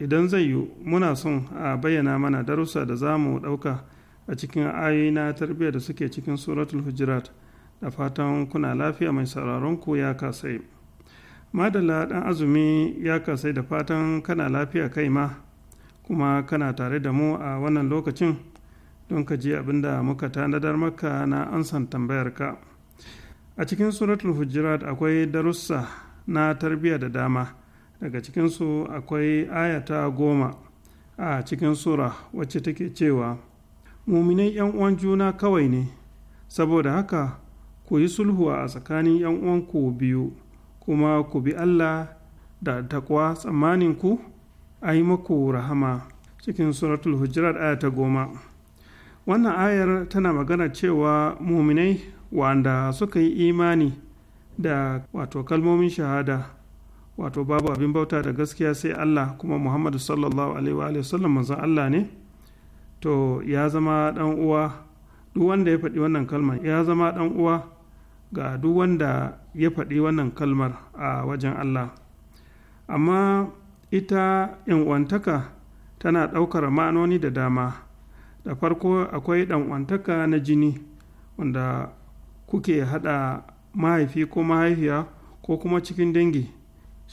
idan zai yiwu muna son a bayyana mana darussa da za mu ɗauka a cikin ayoyi na tarbiyyar da suke cikin suratul hujurat da fatan kuna lafiya mai sauraron ku ya kasai madalla ɗan azumi ya kasai da fatan kana lafiya kai ma kuma kana tare da mu a wannan lokacin don ka ji abin da muka tanadar maka na ansan tambayarka a cikin suratul hujurat akwai darussa na tarbiyya da dama daga cikinsu akwai ayata goma a cikin sura wacce take cewa muminai 'yan uwan juna kawai ne saboda haka ku yi sulhu a tsakanin 'yan uwanku biyu kuma ku bi allah da takwa tsammanin ku a yi maku rahama cikin suratul hujjirar ayata goma wannan ayar tana magana cewa muminai wanda suka yi imani da wato kalmomin shahada wato babu abin bauta da gaskiya sai Allah kuma Muhammadu sallallahu alaihi wa sallam manzon Allah ne to ya zama dan uwa duk wanda ya faɗi wannan kalmar ya zama dan uwa ga duk wanda ya faɗi wannan kalmar a wajen Allah amma ita uwantaka tana ɗaukar ma'anoni da dama da farko akwai ɗan'uwantaka na jini wanda kuke haɗa mahaifi ko mahaifiya ko kuma cikin dangi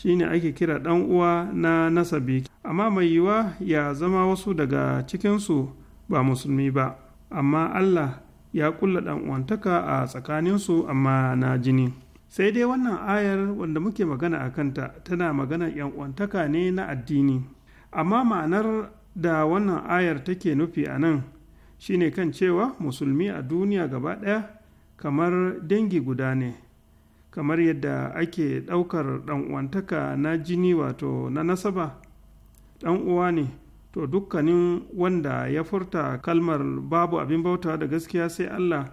shine ake kira ɗan uwa na nasabi amma mai yiwa ya zama wasu daga cikinsu ba musulmi ba amma allah ya kulla ɗan uwantaka a tsakaninsu amma na jini sai dai wannan ayar wanda muke magana a kanta tana magana yan uwantaka ne na addini amma ma'anar da wannan ayar take nufi a nan shine kan cewa musulmi a duniya gaba ɗaya kamar dangi guda ne kamar yadda ake ɗaukar ɗan'uwantaka na jini wato na nasaba ɗan uwa ne to dukkanin wanda ya furta kalmar babu abin bauta da gaskiya sai Allah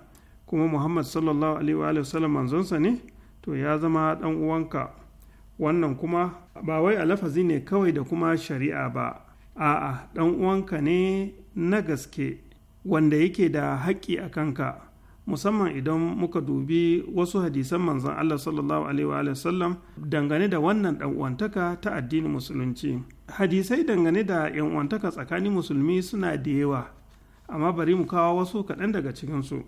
kuma Muhammad sallallahu alaihi wa manzonsa ne to ya zama ɗan uwanka wannan kuma ba wai a lafazi ne kawai da kuma shari'a ba a'a ɗan uwanka ne na gaske wanda yake da haƙƙi a kanka musamman idan muka dubi wasu hadisan manzon Allah sallallahu alaihi wa sallam dangane da wannan ɗan'uwantaka ta addinin musulunci hadisai dangane da uwantaka tsakanin musulmi suna da yawa amma bari mu kawo wasu kaɗan daga cikinsu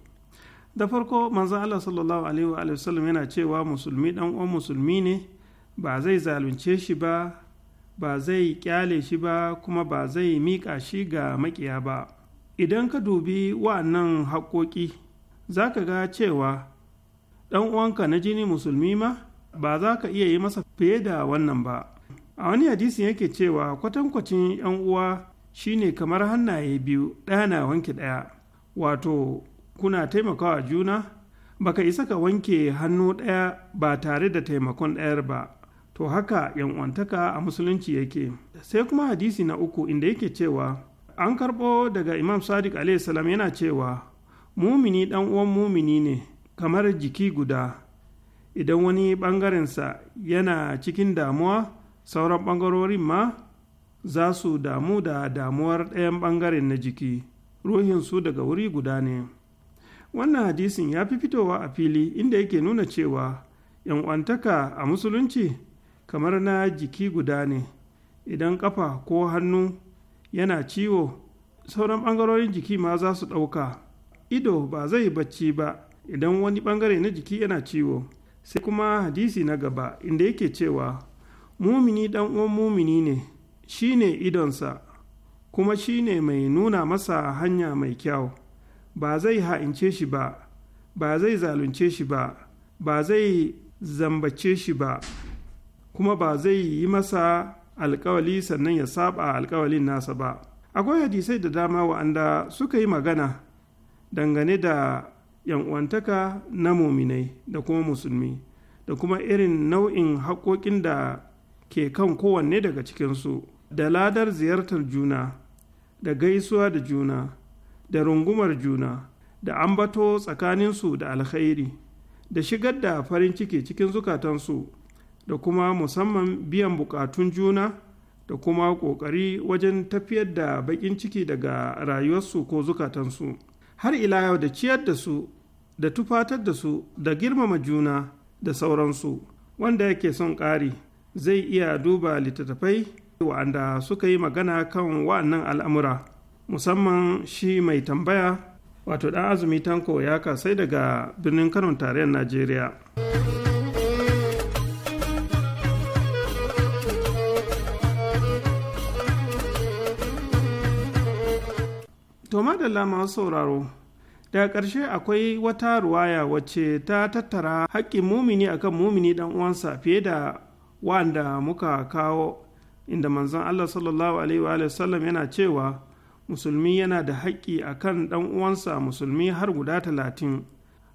da farko manzon Allah sallallahu alaihi wa sallam yana cewa musulmi ɗan uwan musulmi ne ba zai zalunce shi ba ba zai kyale shi ba kuma ba zai miƙa shi ga maƙiya ba idan ka dubi wa'annan haƙoƙi za ka ga cewa ɗan uwanka na jini musulmi ma ba za ka iya yi masa fiye da wannan ba a wani hadisi yake cewa kwatankwacin yan uwa shine kamar hannaye biyu ɗaya na wanke ɗaya wato kuna taimakawa juna Ba ka isa ka wanke hannu ɗaya ba tare da taimakon ɗayar ba to haka yan'uwantaka a musulunci yake sai kuma hadisi na uku inda yake cewa an karɓo daga imam sadiq salam yana cewa mumini ɗan uwan mumini ne kamar jiki guda idan wani ɓangarensa yana cikin damuwa sauran ɓangarorin ma za su damu da damuwar ɗayan ɓangaren na jiki ruhinsu daga wuri guda ne wannan hadisin ya fi fitowa a fili inda yake nuna cewa yan'uwantaka a musulunci kamar na jiki guda ne idan ƙafa ko hannu yana ciwo sauran ɓangarorin jiki ma za su ɗauka ido ba zai bacci ba idan wani bangare na jiki yana ciwo sai kuma hadisi na gaba inda yake cewa mumini dan uwan mumini ne shi ne idonsa kuma shine mai nuna masa hanya mai kyau ba zai ha'ince shi ba ba zai zalunce shi ba ba zai zambace shi ba kuma ba zai yi masa alkawali sannan ya saba alkawalin nasa ba akwai hadisai da dama wa'anda suka yi magana dangane da yan'uwantaka na muminai da kuma musulmi da kuma irin nau'in haƙoƙin da ke kan kowanne daga cikinsu da ladar ziyartar juna da gaisuwa da juna da rungumar juna da ambato tsakaninsu da alkhairi da shigar da farin ciki cikin zukatansu da kuma musamman biyan bukatun juna da kuma ƙoƙari wajen tafiyar da baƙin ciki daga rayuwarsu ko zukatansu har ila yau da ciyar da su da tufatar da su da girmama juna da sauransu wanda yake son ƙari zai iya duba littattafai wa'anda suka yi magana kan wa'annan al'amura musamman shi mai tambaya wato ɗan azumi tanko ya kasai daga birnin kanon tarayyar najeriya da masu sauraro da ƙarshe akwai wata ruwaya wacce ta tattara haƙƙin mumini akan mumini dan uwansa fiye da wanda muka kawo inda manzon Allah sallallahu alaihi wa sallam yana cewa musulmi yana da haƙƙi akan ɗan uwansa musulmi har guda talatin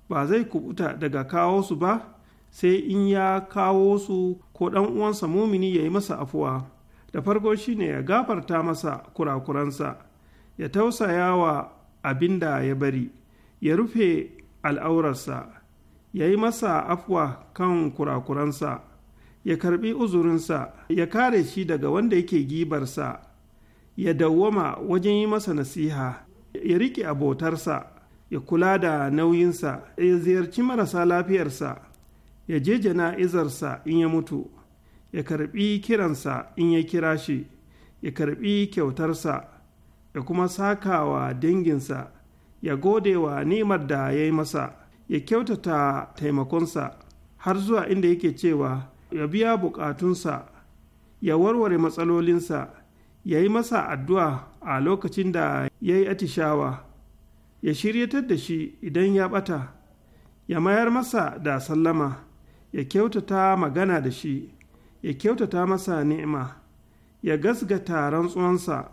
ba zai kubuta daga kawo su ba sai in ya kawo su ko dan uwansa mumini ya yi masa afuwa da farko shine ya gafarta masa kurakuransa ya tausaya wa abin da ya bari ya rufe al'aurarsa ya yi masa afwa kan kurakuransa ya karbi uzurinsa ya kare shi daga wanda yake gibarsa ya dawwama wajen yi masa nasiha ya riƙe abotarsa ya kula da nauyinsa ya ziyarci marasa lafiyarsa ya je jana'izarsa in ya mutu ya karbi kiransa in ya kira shi ya karbi kyautarsa da kuma sakawa danginsa ya gode wa nimar da ya yi masa ya kyautata taimakonsa har zuwa inda yake cewa ya biya bukatunsa ya warware matsalolinsa ya yi masa addu'a a lokacin da ya yi atishawa ya shiryatar da shi idan ya bata ya mayar masa da sallama ya kyautata magana da shi ya kyautata masa ni'ima ya gasgata rantsuwansa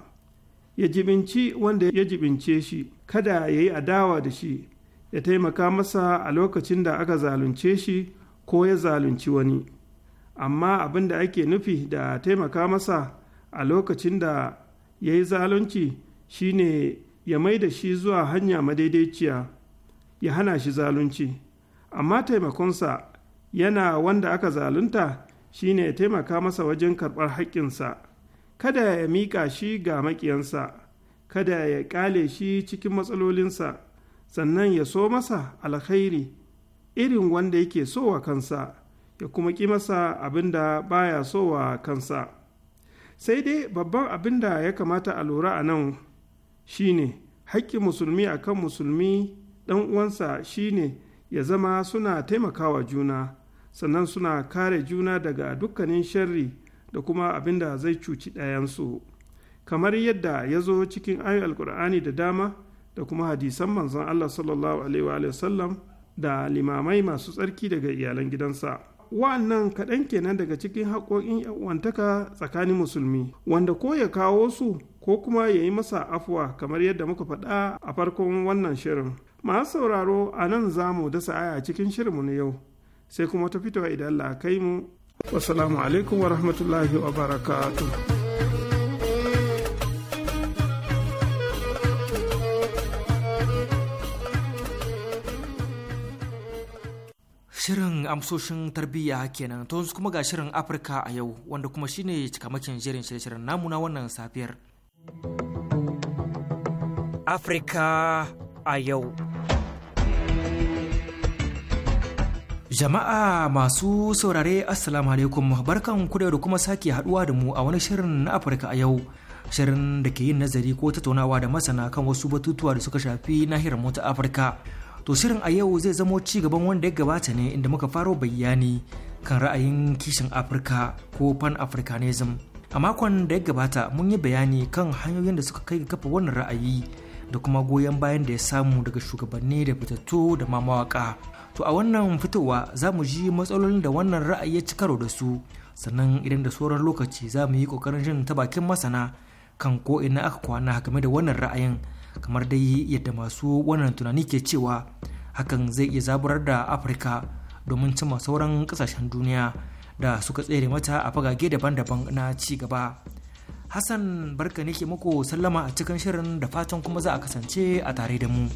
ya jibinci wanda ya jibince shi kada ya yi adawa da shi ya taimaka masa a lokacin da aka zalunce shi ko ya zalunci wani amma abin da ake nufi da taimaka masa a lokacin da ya yi zalunci shine ya mai da shi zuwa hanya madaidaiciya ya hana shi zalunci amma taimakonsa yana wanda aka zalunta shine ya taimaka masa wajen karɓar haƙƙinsa kada ya miƙa shi ga maƙiyansa kada ya ƙale shi cikin matsalolinsa sannan ya so masa alkhairi irin wanda yake so wa kansa ya kuma ƙi masa abin da baya so wa kansa sai dai babban abin da ya kamata a lura a nan shi ne haƙƙin musulmi a kan musulmi ɗan uwansa ne ya zama suna taimakawa juna sannan suna kare juna daga dukkanin sharri da kuma abin da zai cuci ɗayansu kamar yadda ya zo cikin ayoyi alkur'ani da dama da kuma hadisan manzon allah sallallahu alaihi wa sallam da limamai masu tsarki daga iyalan gidansa wannan kaɗan kenan daga cikin haƙoƙin wantaka tsakanin musulmi wanda ko ya kawo su ko kuma ya yi masa afuwa kamar yadda muka faɗa a farkon wannan shirin masu sauraro a nan za mu dasa aya cikin shirinmu na yau sai kuma ta fitowa idan la kai mu wasalamu alaikum wa rahmatullahi wa barakatuh Shirin amsoshin tarbiyya kenan to kuma ga shirin Afirka a yau wanda kuma shine cikamakin jerin shirin namuna namu na wannan safiyar. Afirka a yau. Jama'a masu saurare Assalamu alaikum barkan ku da kuma sake haduwa da mu a wani shirin na Afirka a yau. Shirin da ke yin nazari ko tattaunawa da masana kan wasu batutuwa da suka shafi nahiyar mu ta Afirka. To shirin a yau zai zamo ci gaban wanda ya gabata ne inda muka faro bayani kan ra'ayin kishin Afirka ko pan Africanism. A makon da ya gabata mun yi bayani kan hanyoyin da suka kai kafa wannan ra'ayi da kuma goyon bayan da ya samu daga shugabanni da fitattu da ma mawaƙa. To a wannan fitowa za mu ji matsalolin da wannan ra'ayi ya ci karo da su sannan idan da sauran lokaci za mu yi kokarin jin ta bakin masana kan ko ina aka kwana game da wannan ra'ayin kamar dai yadda masu wannan tunani ke cewa hakan zai iya zaburar da afirka domin cimma sauran kasashen duniya da suka tsere mata a fagage daban-daban na ci gaba hassan barka ne ke muku sallama a cikin shirin da fatan kuma za a kasance a tare da mu.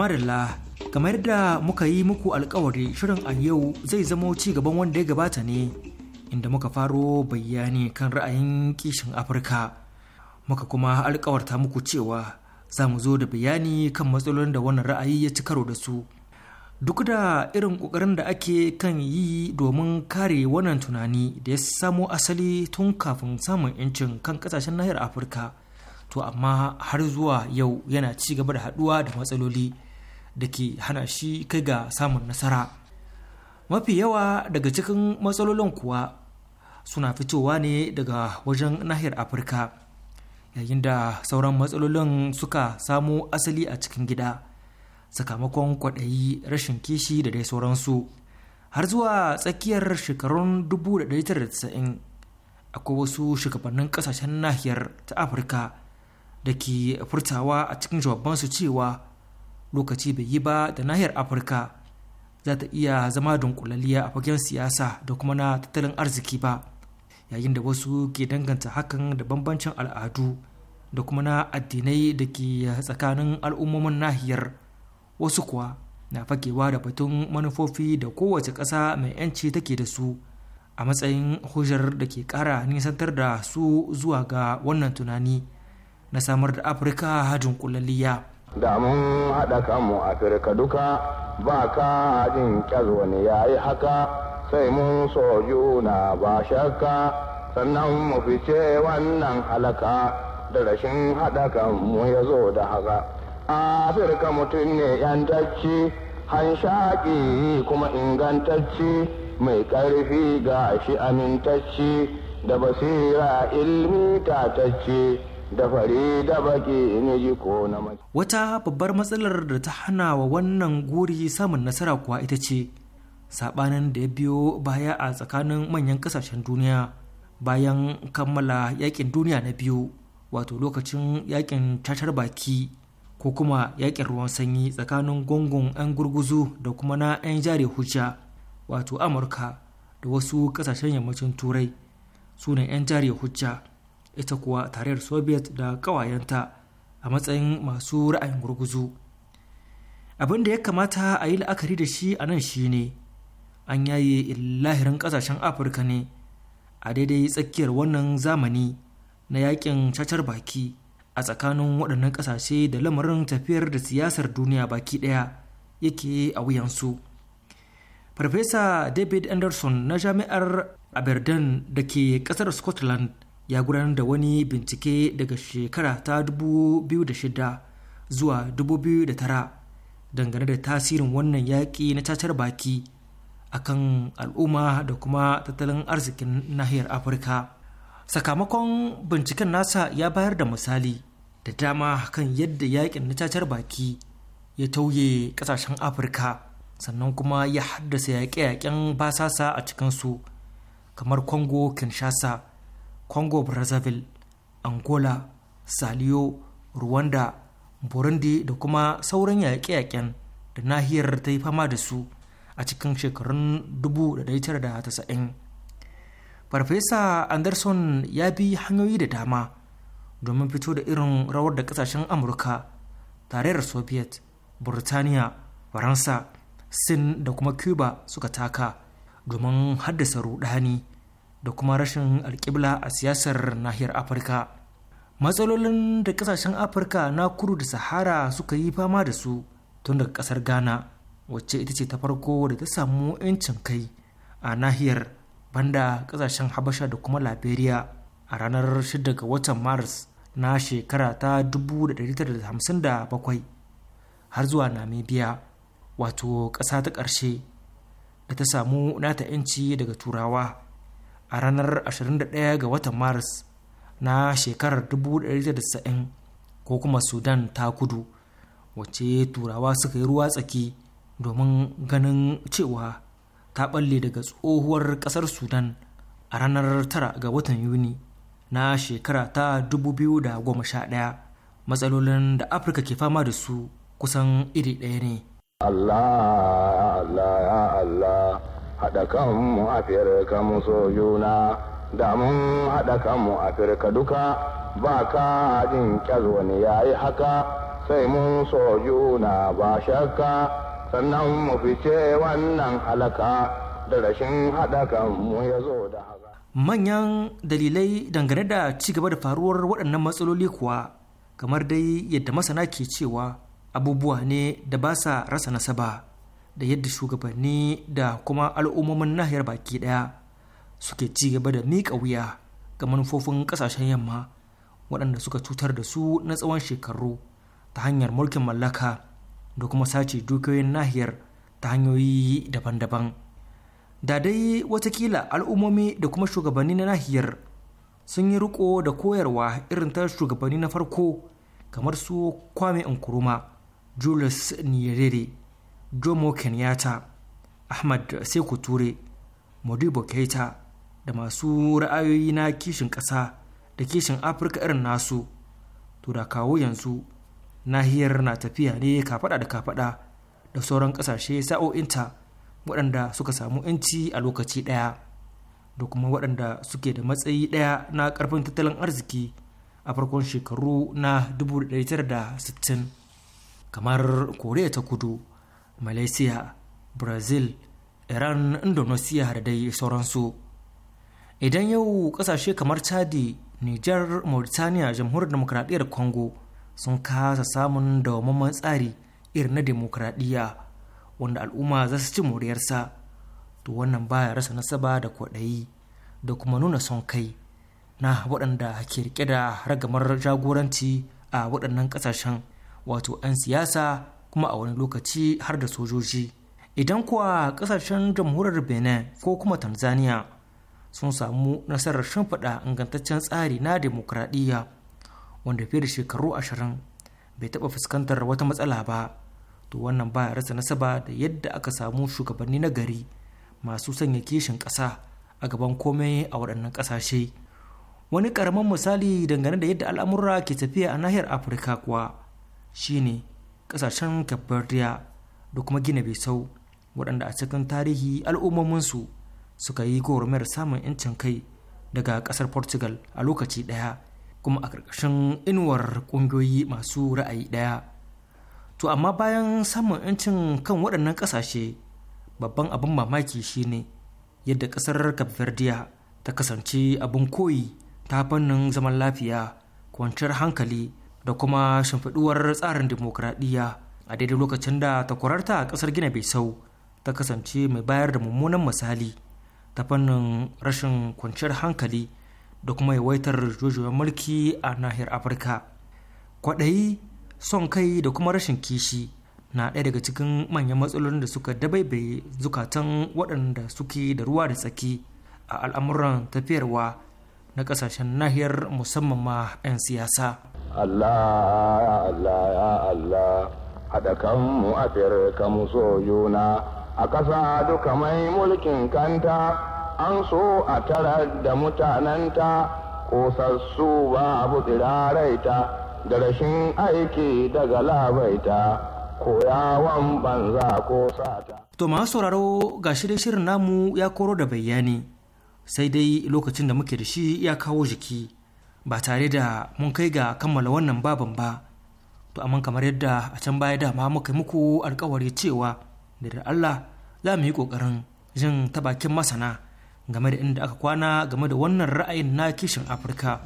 Marilla, kamar da muka yi muku alkawari shirin a yau zai zamo ci gaban wanda ya gabata ne, inda muka faro bayani kan ra'ayin kishin Afirka. Muka kuma alkawarta muku cewa za mu zo da bayani kan matsalolin da wannan ra'ayi ya ci karo da su. Duk da irin ƙoƙarin da ake kan yi domin kare wannan tunani da ya samo asali tun kafin samun 'yancin kan ƙasashen nahiyar Afirka, to amma har zuwa yau yana ci gaba da haɗuwa da matsaloli. da ke hana shi kai ga samun nasara mafi yawa daga cikin matsalolin kuwa suna fitowa ne daga wajen nahiyar afirka yayin da sauran matsalolin suka samo asali a cikin gida sakamakon kwaɗayi rashin kishi da dai sauransu har zuwa tsakiyar shekarun 1990 akwai wasu shugabannin kasashen nahiyar ta afirka da ke furtawa a cikin jawabansu cewa lokaci bai yi ba da nahiyar afirka za ta iya zama dunkulaliya a fagen siyasa da kuma na tattalin arziki ba yayin da wasu ke danganta hakan da bambancin al'adu da kuma na addinai da ke tsakanin al'ummomin nahiyar wasu kuwa na fagewa da batun manufofi da kowace ƙasa mai 'yanci take da su a matsayin hujjar da ke ƙara nisantar da su zuwa ga wannan tunani na samar da afirka hajjin kullalliya Da mun haɗa kanmu a firka duka ba ka jin wani ya yi haka sai mun so juna ba shakka sannan mu fice wannan halaka da rashin haɗa kanmu ya zo da haka. A firka mutum ne yantacci hanshaƙi kuma ingantacci mai ƙarfi ga shi amintacci da basira ilmi tatacci. da da baki ne ji ko na mace. Wata babbar matsalar da ta hana wa wannan guri samun nasara kuwa ita ce sabanin da ya biyo baya a tsakanin manyan kasashen duniya bayan kammala yakin duniya na biyu wato lokacin yakin tatar baki ko kuma yakin ruwan sanyi tsakanin gungun 'yan gurguzu da kuma na 'yan jari hujja wato amurka da wasu kasashen yammacin turai su 'yan jari hujja ita kuwa tarayyar soviet da ƙawayenta a matsayin masu ra'ayin gurguzu abin da ya kamata a yi la'akari da shi a nan shine an yaye lahirin kasashen afirka ne a daidai tsakiyar wannan zamani na yakin cacar baki a tsakanin waɗannan ƙasashe da lamarin tafiyar da siyasar duniya baki ɗaya yake a wuyansu farfesa david anderson na jami'ar aberdeen da ke ƙasar scotland ya gudanar da wani bincike daga shekara ta 2006 zuwa 2009 dangane da tasirin wannan yaƙi na cacar baki akan al'umma da kuma tattalin arzikin nahiyar afirka sakamakon binciken nasa ya bayar da misali da dama kan yadda yaƙin na cacar baki ya tauye ƙasashen afirka sannan kuma ya haddasa yaƙe-yaƙen basasa a cikinsu kamar congo kinshasa congo brazzaville angola salio rwanda burundi da kuma sauran yaƙe-yaƙen da nahiyar ta yi fama da su a cikin shekarun 1990 farfesa anderson ya bi hanyoyi da dama domin fito da irin rawar da kasashen amurka tarayyar soviet burtaniya faransa sin da kuma cuba suka taka domin haddasa rudani da kuma rashin alkibla a siyasar nahiyar afirka matsalolin da kasashen afirka na kudu da sahara suka yi fama da su tun daga kasar ghana wacce ita ce ta farko da ta samu 'yancin kai a nahiyar banda kasashen habasha da kuma liberia a ranar 6 ga watan maris na shekara ta 1957 har zuwa namibia wato ƙasa ta ƙarshe da ta samu nata 'yanci daga turawa a ranar 21 ga watan maris na shekarar 1990 ko kuma sudan ta kudu wace turawa suka yi ruwa tsaki domin ganin cewa ta balle daga tsohuwar kasar sudan a ranar 9 ga watan yuni na shekara ta 2011 matsalolin da afirka ke fama da su kusan iri ɗaya ne Allah, Allah, Allah. haɗa kanmu afirka mu so juna da mun haɗa kanmu afirka duka ba ka jin wani ya yi haka sai mun sojuna ba shakka sannan mu fice wannan halaka da rashin haɗa kanmu ya zo da haka. manyan dalilai dangane da ci gaba da faruwar waɗannan matsaloli kuwa kamar dai yadda masana ke cewa abubuwa ne da ba sa rasa nasaba. da yadda shugabanni da kuma al'ummomin nahiyar baki daya suke ci gaba da miƙa wuya ga manufofin ƙasashen yamma waɗanda suka cutar da su na tsawon shekaru ta hanyar mulkin mallaka da kuma sace dukiyoyin nahiyar ta hanyoyi daban-daban da dai watakila al'ummomi da kuma shugabanni na nahiyar sun yi riko da koyarwa irin ta shugabanni na farko kamar su kwame nkuruma julius nyerere jomo kenyatta ahmad seku ture modibo keita da masu ra'ayoyi na kishin ƙasa da kishin afirka irin nasu to da kawo yanzu nahiyar na tafiya ne kafaɗa da kafaɗa da sauran ƙasashe sa'o'inta waɗanda suka samu inci a lokaci ɗaya da kuma waɗanda suke da matsayi ɗaya na ƙarfin tattalin arziki a farkon shekaru na 1960 kamar koriya ta kudu malaysia brazil iran indonesia da dai sauransu idan yau kasashe kamar chadi niger mauritania jamhuriyar demokradiyyar congo sun kasa samun dawamman tsari irin na demokradiyya wanda al'umma za su ci moriyarsa to wannan baya rasa nasaba da kwaɗayi da kuma nuna son kai na waɗanda ke rike da ragamar jagoranci a waɗannan ƙasashen wato 'yan siyasa kuma a wani lokaci har da sojoji idan kuwa kasashen jamhuriyar benin ko kuma tanzania sun samu nasarar shimfiɗa ingantaccen tsari na demokradiyya wanda fiye da shekaru ashirin bai taɓa fuskantar wata matsala ba to wannan ba ya rasa nasaba da yadda aka samu shugabanni na gari masu sanya kishin ƙasa a gaban komai a waɗannan ƙasashe wani ƙaramin misali dangane da yadda al'amura ke tafiya a nahiyar afirka kuwa shine ƙasashen capverdia da kuma gina bisau waɗanda a cikin tarihi al'ummominsu suka yi gwagwarmayar samun 'yancin kai daga ƙasar portugal a lokaci ɗaya kuma a ƙarƙashin inuwar ƙungiyoyi masu ra'ayi ɗaya to amma bayan samun 'yancin kan waɗannan ƙasashe babban abin mamaki shine yadda ƙasar capverdia ta kasance abin koyi ta fannin zaman lafiya kwanciyar hankali da kuma shimfiduwar tsarin dimokuraɗiyya a daidai lokacin da takwararta a kasar gina sau ta kasance mai bayar da mummunan misali ta fannin rashin kwanciyar hankali da kuma yawaitar jujuyar mulki a nahiyar afirka kwaɗayi son kai da kuma rashin kishi na ɗaya daga cikin manyan matsalolin da suka dabaibe zukatan waɗanda suke da ruwa da tsaki a al'amuran tafiyarwa na ƙasashen nahiyar musamman ma 'yan siyasa Allah ya Allah ya Allah haɗa kanmu a ka mu so juna a ƙasa duka mai mulkin kanta an so a tarar da mutanenta ba babu tsiraraita da rashin aiki daga labaita koyawan banza ko sata. To masu sauraro ga shirin namu ya koro da bayani sai dai lokacin da muke da shi ya kawo jiki. ba tare da mun kai ga kammala wannan babin ba to amma kamar yadda a can baya dama muka muku alkawari cewa da Allah za mu yi ƙoƙarin jin ta bakin masana game da inda aka kwana game da wannan ra'ayin na kishin afirka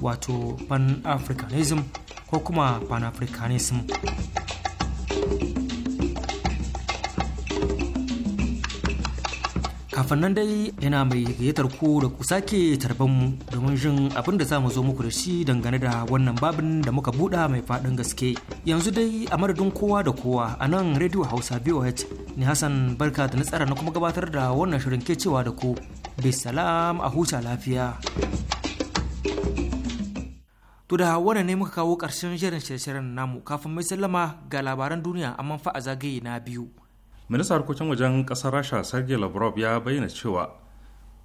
wato pan-africanism ko kuma pan-africanism kafin nan dai yana mai gayyatar ku da ku sake tarban mu domin jin abin da za mu zo muku da shi dangane da wannan babin da muka buɗa mai faɗin gaske yanzu dai a madadin kowa da kowa a nan radio hausa voh ni hassan barka da nasara na kuma gabatar da wannan shirin ke cewa da ku bisalam a huta lafiya to da wannan ne muka kawo ƙarshen shirin shirin namu kafin mai sallama ga labaran duniya amma fa a zagaye na biyu ministan harkokin wajen kasar rasha sergei lavrov ya bayyana cewa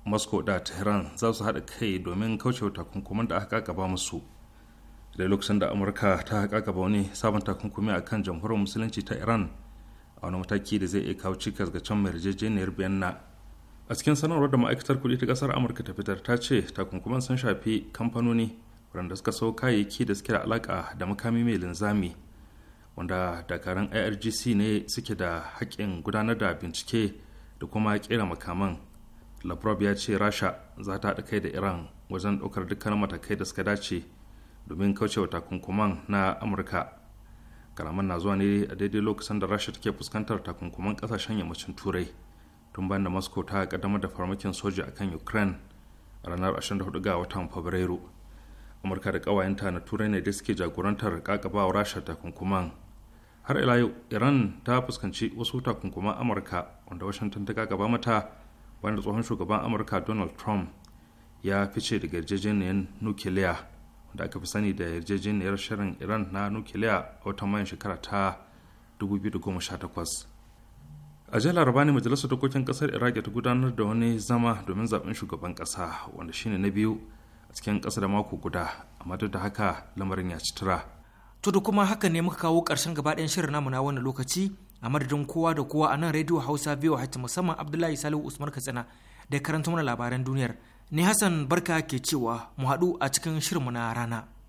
moscow da tehran za su haɗa kai domin kaucewa takunkuman da aka gaba musu da lokacin da amurka ta gaba wani sabon takunkumi a kan jamhuriyar musulunci ta iran a wani mataki da zai iya kawo cikas ga can mai yarjejeniyar biyanna a cikin sanarwar da ma'aikatar kuɗi ta ƙasar amurka ta fitar ta ce takunkuman sun shafi kamfanoni waɗanda suka sau kayayyaki da suke da alaƙa da makami mai linzami wanda dakarun irgc ne suke da haƙƙin gudanar da bincike da kuma kera makaman lavrov ya ce rasha za ta haɗa kai da iran wajen ɗaukar dukkan matakai da suka dace domin kaucewa takunkuman na amurka kalaman na zuwa ne a daidai lokacin da rasha take fuskantar takunkuman ƙasashen yammacin turai tun bayan da moscow ta ƙaddamar da farmakin soja akan ukraine a ranar 24 ga watan fabrairu amurka da ƙawayenta na turai ne da suke jagorantar kakabawa rasha takunkuman har ila yau iran ta fuskanci wasu takunkuman amurka wanda washington ta kakaba mata wanda tsohon shugaban amurka donald trump ya fice daga yarjejeniyar nukiliya wanda aka fi sani da yarjejeniyar shirin iran na nukiliya a watan mayan shekara ta 2018 a jiya laraba ne majalisar dokokin kasar iraq ta gudanar da wani zama domin zaben shugaban kasa wanda shine na biyu a cikin ƙasa da mako guda amma duk da haka lamarin ya ci tura. To da kuma haka ne muka kawo ƙarshen gaba ɗayan shirin namu na wannan lokaci a madadin kowa da kowa a nan rediyo Hausa biyu hajji musamman Abdullahi Salihu Usman Katsina da karanta mana labaran duniyar. Ni Hassan Barka ke cewa mu haɗu a cikin shirinmu na rana.